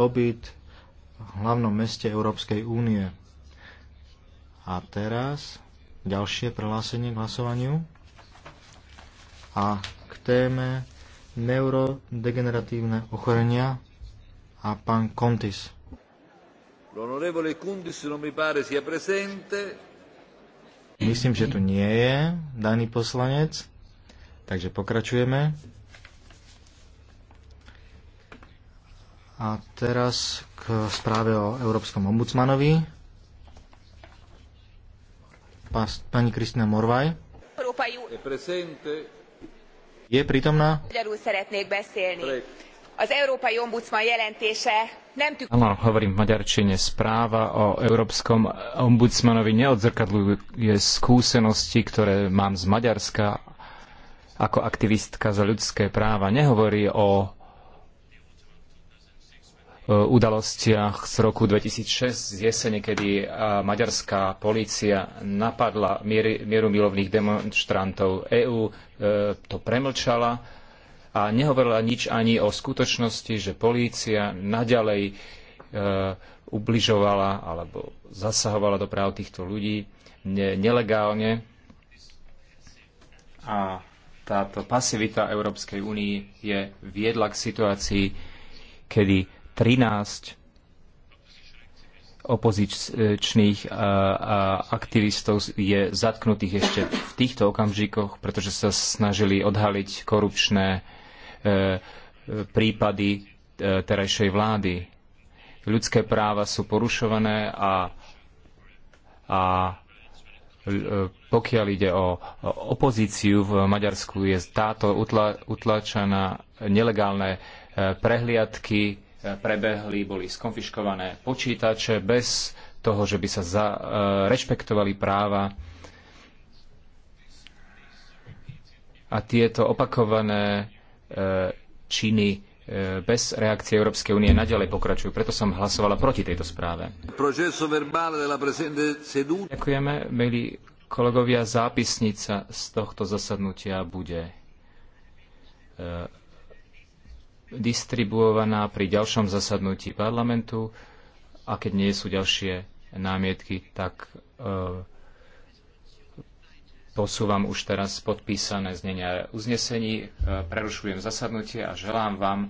pobyt v hlavnom meste Európskej únie. A teraz ďalšie prehlásenie k hlasovaniu a k téme neurodegeneratívne ochorenia a pán Kontis. L'onorevole Kundis non mi pare sia presente. Myslím, že tu nie je daný poslanec, takže pokračujeme. A teraz k správe o Európskom ombudsmanovi. Pani Kristina Morvaj. Je prítomná? Áno, hovorím v maďarčine. Správa o Európskom ombudsmanovi neodzrkadľuje skúsenosti, ktoré mám z Maďarska ako aktivistka za ľudské práva. Nehovorí o Eh, udalostiach z roku 2006 z jesene, kedy eh, maďarská polícia napadla mierumilovných demonštrantov. EÚ eh, to premlčala a nehovorila nič ani o skutočnosti, že polícia naďalej ubližovala alebo zasahovala do práv týchto ľudí nelegálne. A táto pasivita Európskej únie je viedla k situácii, kedy 13 opozičných eh, eh, aktivistov je zatknutých ešte v týchto okamžikoch, pretože sa snažili odhaliť korupčné eh, prípady terajšej vlády. Ľudské práva sú porušované a, a pokiaľ ide o opozíciu v Maďarsku, je táto utla, utlačená nelegálne prehliadky, prebehli, boli skonfiškované počítače bez toho, že by sa za, e, rešpektovali práva. A tieto opakované e, činy e, bez reakcie Európskej únie naďalej pokračujú. Preto som hlasovala proti tejto správe. Ďakujeme, milí kolegovia. Zápisnica z tohto zasadnutia bude e, distribuovaná pri ďalšom zasadnutí parlamentu a keď nie sú ďalšie námietky, tak e, posúvam už teraz podpísané znenia uznesení, e, prerušujem zasadnutie a želám vám